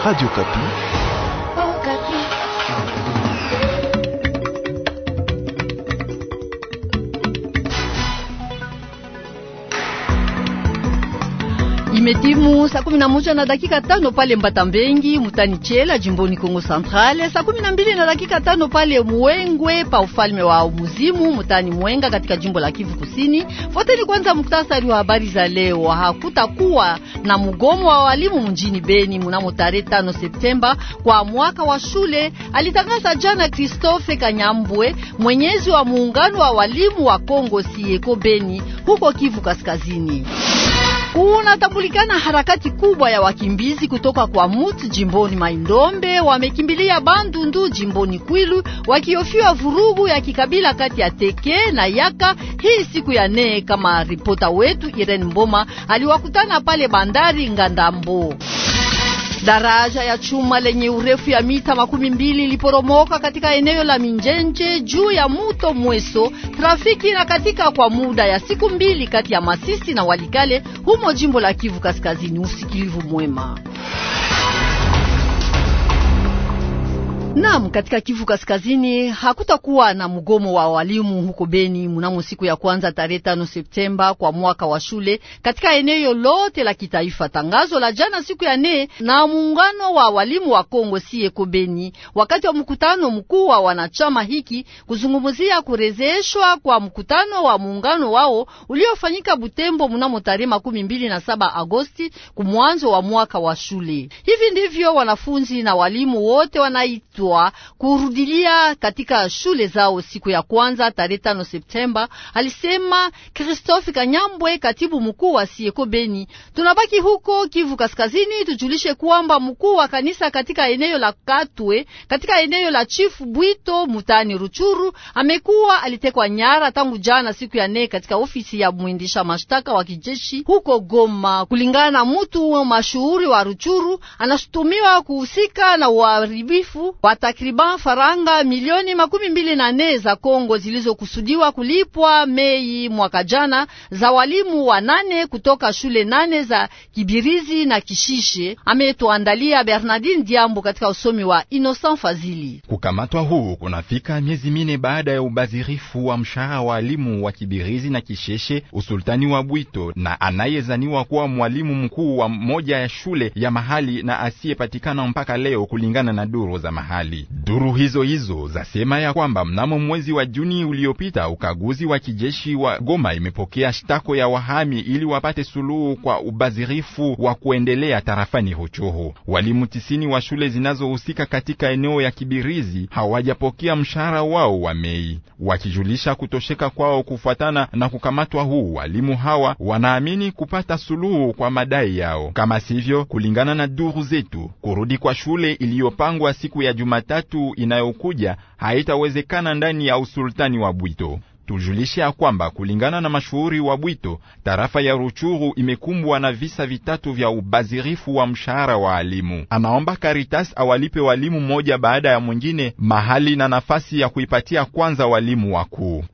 Radio Kapi. Imetimu saa kumi na moja na dakika tano pale Mbata Mbengi mutani Chela jimboni Kongo Centrale, saa kumi na mbili na dakika tano pale Muwengwe pa ufalme wa Muzimu mutani Mwenga katika jimbo la Kivu Kusini. Fuateni kwanza muktasari wa habari za leo. Hakutakuwa na mgomo wa walimu mjini Beni mnamo tarehe 5 Septemba kwa mwaka wa shule, alitangaza jana Christophe Kanyambwe, mwenyezi wa muungano wa walimu wa Kongo sieko Beni huko Kivu Kaskazini kunatambulikana harakati kubwa ya wakimbizi kutoka kwa Muti jimboni Maindombe, wamekimbilia Bandundu jimboni Kwilu, wakiofiwa vurugu ya kikabila kati ya Teke na Yaka hii siku ya nne, kama ripota wetu Irene Mboma aliwakutana pale bandari Ngandambo. Daraja ya chuma lenye urefu ya mita makumi mbili iliporomoka katika eneo la Minjenje juu ya muto Mweso. Trafiki inakatika kwa muda ya siku mbili kati ya Masisi na Walikale humo jimbo la Kivu Kaskazini. Usikilivu mwema. Naam, katika Kivu Kaskazini hakutakuwa na mgomo wa walimu huko Beni mnamo siku ya kwanza tarehe tano Septemba kwa mwaka wa shule katika eneo lote la kitaifa. Tangazo la jana siku ya nne na muungano wa walimu wa Kongo sieko Beni wakati wa mkutano mkuu wa wanachama hiki kuzungumzia kurejeshwa kwa mkutano wa muungano wao uliofanyika Butembo mnamo tarehe makumi mbili na saba Agosti kumwanzo wa mwaka wa shule. Hivi ndivyo wanafunzi na walimu wote wanaitu kuitwa kurudilia katika shule zao siku ya kwanza tarehe tano Septemba, alisema Christophe Kanyambwe, katibu mkuu wa Sieko Beni. Tunabaki huko Kivu Kaskazini, tujulishe kwamba mkuu wa kanisa katika eneo la Katwe katika eneo la Chifu Bwito mutani Ruchuru amekuwa alitekwa nyara tangu jana siku ya nne katika ofisi ya mwendesha mashtaka wa kijeshi huko Goma. Kulingana na mutu mashuhuri wa Ruchuru, anashutumiwa kuhusika na uharibifu kwa takriban faranga milioni makumi mbili na nne za Kongo zilizokusudiwa kulipwa Mei mwaka jana za walimu wa nane kutoka shule nane za Kibirizi na Kishishe. Ametuandalia Bernardine Diambo katika usomi wa Innocent Fazili. Kukamatwa huu kunafika miezi mine baada ya ubadhirifu wa mshahara wa walimu wa Kibirizi na Kisheshe, usultani wa Bwito, na anayezaniwa kuwa mwalimu mkuu wa moja ya shule ya mahali na asiyepatikana mpaka leo kulingana na duru za mahali serikali. Duru hizo hizo zasema ya kwamba mnamo mwezi wa Juni uliopita ukaguzi wa kijeshi wa Goma imepokea shtako ya wahami ili wapate suluhu kwa ubadhirifu wa kuendelea tarafani Huchuhu. Walimu tisini wa shule zinazohusika katika eneo ya Kibirizi hawajapokea mshahara wao wa Mei, wakijulisha kutosheka kwao kufuatana na kukamatwa huu. Walimu hawa wanaamini kupata suluhu kwa madai yao, kama sivyo, kulingana na duru zetu, kurudi kwa shule iliyopangwa siku ya Juma Jumatatu inayokuja haitawezekana ndani ya usultani wa Bwito. Tujulishe ya kwamba kulingana na mashuhuri wa Bwito, tarafa ya Ruchuru imekumbwa na visa vitatu vya ubadhirifu wa mshahara wa alimu. Anaomba karitas awalipe walimu mmoja baada ya mwingine mahali na nafasi ya kuipatia kwanza walimu wakuu.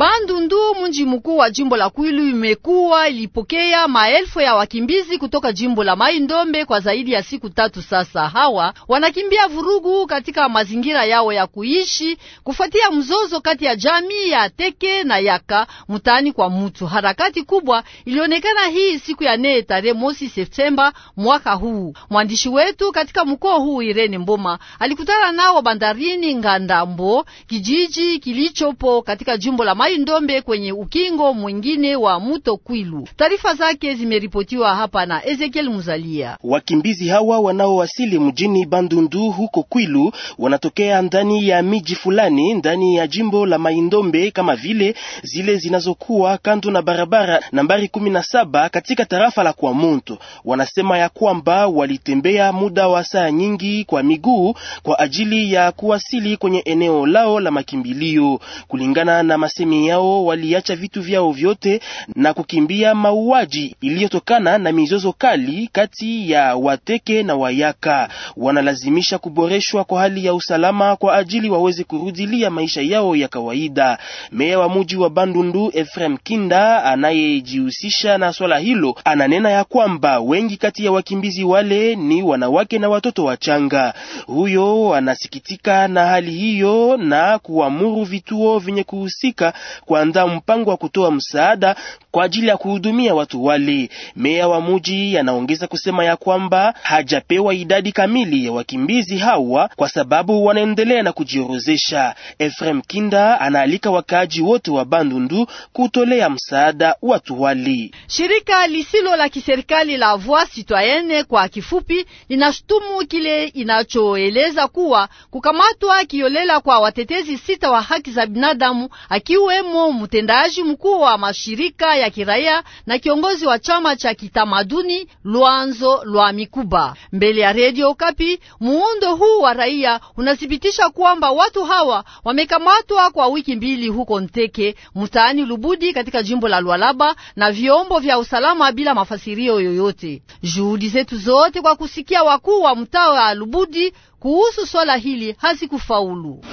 Bandundu, mji mkuu wa jimbo la Kwilu, imekuwa ilipokea maelfu ya wakimbizi kutoka jimbo la Mai Ndombe kwa zaidi ya siku tatu sasa. Hawa wanakimbia vurugu katika mazingira yao ya kuishi kufuatia mzozo kati ya jamii ya Teke na Yaka mtaani kwa Mutu. Harakati kubwa ilionekana hii siku ya nne tarehe mosi Septemba mwaka huu. Mwandishi wetu katika mkoa huu Irene Mboma alikutana nao bandarini Ngandambo, kijiji kilichopo katika jimbo la Mai Ndombe kwenye ukingo mwingine wa mto Kwilu. Taarifa zake zimeripotiwa hapa na Ezekiel Muzalia. Wakimbizi hawa wanaowasili mjini Bandundu huko Kwilu wanatokea ndani ya miji fulani ndani ya jimbo la Maindombe kama vile zile zinazokuwa kando na barabara nambari 17 katika tarafa la Kwamunto. Wanasema ya kwamba walitembea muda wa saa nyingi kwa miguu kwa ajili ya kuwasili kwenye eneo lao la makimbilio kulingana na masemi yao waliacha vitu vyao vyote na kukimbia mauaji iliyotokana na mizozo kali kati ya Wateke na Wayaka. Wanalazimisha kuboreshwa kwa hali ya usalama kwa ajili waweze kurudilia maisha yao ya kawaida. Meya wa muji wa Bandundu Efrem Kinda anayejihusisha na swala hilo ananena ya kwamba wengi kati ya wakimbizi wale ni wanawake na watoto wachanga. Huyo anasikitika na hali hiyo na kuamuru vituo vyenye kuhusika kuandaa mpango wa kutoa msaada kwa ajili ya kuhudumia watu wale. Meya wa muji anaongeza kusema ya kwamba hajapewa idadi kamili ya wakimbizi hawa kwa sababu wanaendelea na kujiorozesha. Efrem Kinda anaalika wakaaji wote wa Bandundu kutolea msaada watu wale. Shirika lisilo la kiserikali la Voix Citoyenne kwa kifupi linashutumu kile inachoeleza kuwa kukamatwa kiolela kwa watetezi sita wa haki za binadamu akiwa akiwemo mtendaji mkuu wa mashirika ya kiraia na kiongozi wa chama cha kitamaduni Lwanzo lwa Mikuba. Mbele ya Radio Kapi, muundo huu wa raia unathibitisha kwamba watu hawa wamekamatwa kwa wiki mbili huko Nteke mtaani Lubudi katika jimbo la Lualaba na vyombo vya usalama bila mafasirio yoyote. Juhudi zetu zote kwa kusikia wakuu wa mtaa wa Lubudi kuhusu swala hili hazikufaulu.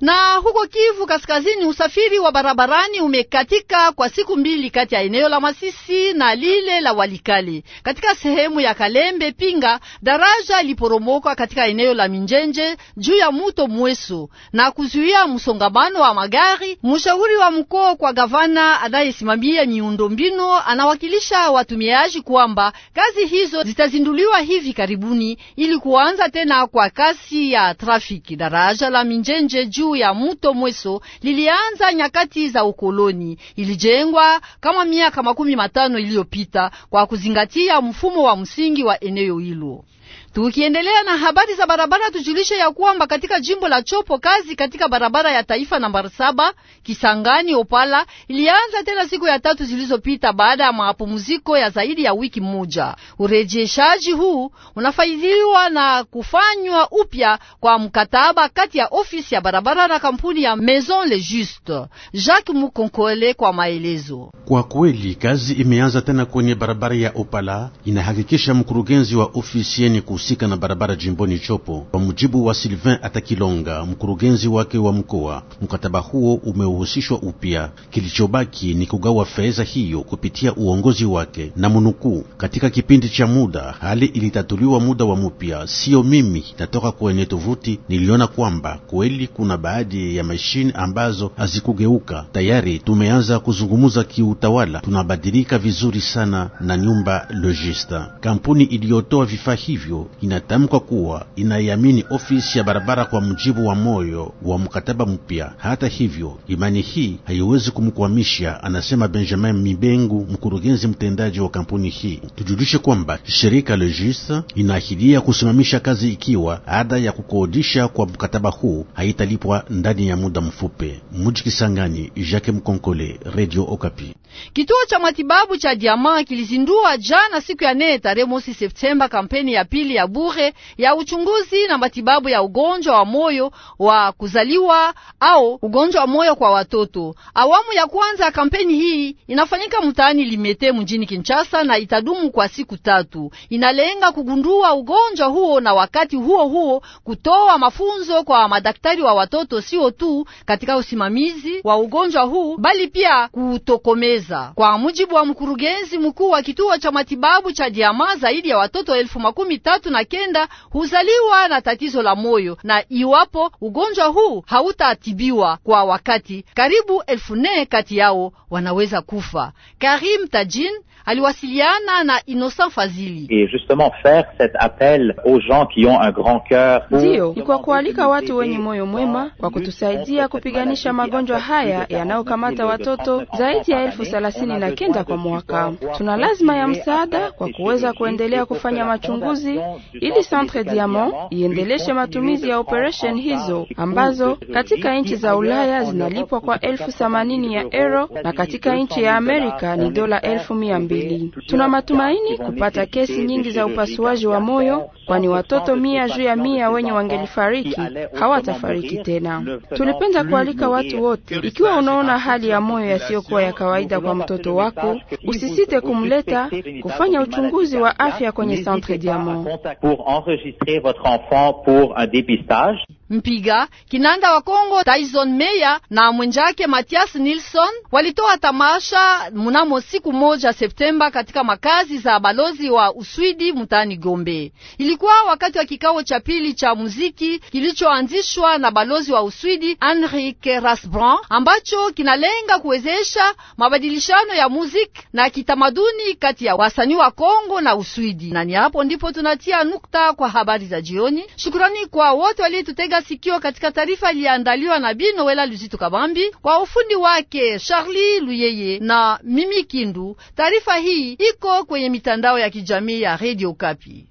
Na huko Kivu Kaskazini, usafiri wa barabarani umekatika kwa siku mbili kati ya eneo la Masisi na lile la Walikale. Katika sehemu ya Kalembe Pinga, daraja liporomoka katika eneo la Minjenje juu ya muto Mweso na kuzuia msongamano wa magari. Mshauri wa mkoa kwa gavana anayesimamia miundombinu anawakilisha watumiaji kwamba kazi hizo zitazinduliwa hivi karibuni ili kuanza tena kwa kasi ya trafiki. Daraja la Minjenje juu juu ya mto Mweso lilianza nyakati za ukoloni. Ilijengwa kama miaka makumi matano iliyopita kwa kuzingatia mfumo wa msingi wa eneo hilo. Tukiendelea na habari za barabara, tujulishe ya kwamba katika jimbo la Chopo kazi katika barabara ya taifa nambari saba Kisangani Opala ilianza tena siku ya tatu zilizopita baada ya mapumziko ya zaidi ya wiki moja. Urejeshaji huu unafaidhiwa na kufanywa upya kwa mkataba kati ya ofisi ya barabara na kampuni ya Maison Le Juste. Jacques Mukonkole kwa maelezo. Kwa kweli kazi imeanza tena kwenye barabara ya Opala, inahakikisha mkurugenzi wa ofisi yeni kuhusika na barabara jimboni Chopo. Kwa mujibu wa Sylvain Atakilonga, mkurugenzi wake wa mkoa, mkataba huo umeuhusishwa upya. Kilichobaki ni kugawa fedha hiyo kupitia uongozi wake, na munukuu, katika kipindi cha muda hali ilitatuliwa muda wa mupya. Sio mimi natoka kwenye tovuti, niliona kwamba kweli kuna baadhi ya mashine ambazo hazikugeuka. Tayari tumeanza kuzungumza kiutawala, tunabadilika vizuri sana na nyumba logista. Kampuni iliyotoa vifaa hivyo inatamkwa kuwa inaiamini ofisi ya barabara kwa mujibu wa moyo wa mkataba mpya. Hata hivyo, imani hii haiwezi kumkwamisha, anasema Benjamin Mibengu, mkurugenzi mtendaji wa kampuni hii. Tujulishe kwamba shirika Legis inaahidia kusimamisha kazi ikiwa ada ya kukodisha kwa mkataba huu haitalipwa ndani ya muda mfupi. Muji Kisangani, Jacques Mkonkole, Radio Okapi. Kituo cha matibabu cha Diama kilizindua jana siku ya nne tarehe mosi Septemba kampeni ya pili ya bure ya uchunguzi na matibabu ya ugonjwa wa moyo wa kuzaliwa au ugonjwa wa moyo kwa watoto. Awamu ya kwanza ya kampeni hii inafanyika mtaani Limete mjini Kinshasa na itadumu kwa siku tatu. Inalenga kugundua ugonjwa huo na wakati huo huo kutoa mafunzo kwa madaktari wa watoto, sio tu katika usimamizi wa ugonjwa huu bali pia kutokomeza. Kwa mujibu wa mkurugenzi mkuu wa kituo cha matibabu cha Diama, zaidi ya watoto elfu makumi tatu tatu na kenda huzaliwa na tatizo la moyo, na iwapo ugonjwa huu hautatibiwa kwa wakati, karibu elfu nne kati yao wanaweza kufa. Karim Tajin aliwasiliana na Innocent Fazili. Ndiyo, ni kwa kualika watu wenye moyo mwema kwa kutusaidia kupiganisha magonjwa haya yanayokamata watoto zaidi ya elfu thelathini na kenda kwa mwaka. Tuna lazima ya msaada kwa kuweza kuendelea kufanya machunguzi ili Centre Diamant iendeleshe matumizi ya operation hizo ambazo katika nchi za Ulaya zinalipwa kwa elfu themanini ya euro na katika nchi ya Amerika ni dola elfu mia mbili. Tuna matumaini kupata kesi nyingi za upasuaji wa moyo, kwani watoto mia juu ya mia wenye wangelifariki hawatafariki tena. Tulipenda kualika watu wote, ikiwa unaona hali ya moyo yasiyokuwa ya kawaida kwa mtoto wako, usisite kumleta kufanya uchunguzi wa afya kwenye Centre Diamant. pour enregistrer votre enfant pour un dépistage. Mpiga kinanda wa Kongo Tyson Meya na mwenjake Matias Nilson walitoa tamasha mnamo siku moja Septemba katika makazi za balozi wa Uswidi mtaani Gombe. Ilikuwa wakati wa kikao cha pili cha muziki kilichoanzishwa na balozi wa Uswidi Henrike Rasbran ambacho kinalenga kuwezesha mabadilishano ya muziki na kitamaduni kati ya wasanii wa Kongo na Uswidi. Na ni hapo ndipo tunatia nukta kwa habari za jioni. Shukrani kwa wote waliotutega mnatega sikio katika taarifa iliandaliwa na Bino Wela Luzito Kabambi kwa ufundi wake Charlie Luyeye na Mimi Kindu. Taarifa hii iko kwenye mitandao ya kijamii ya Radio Kapi.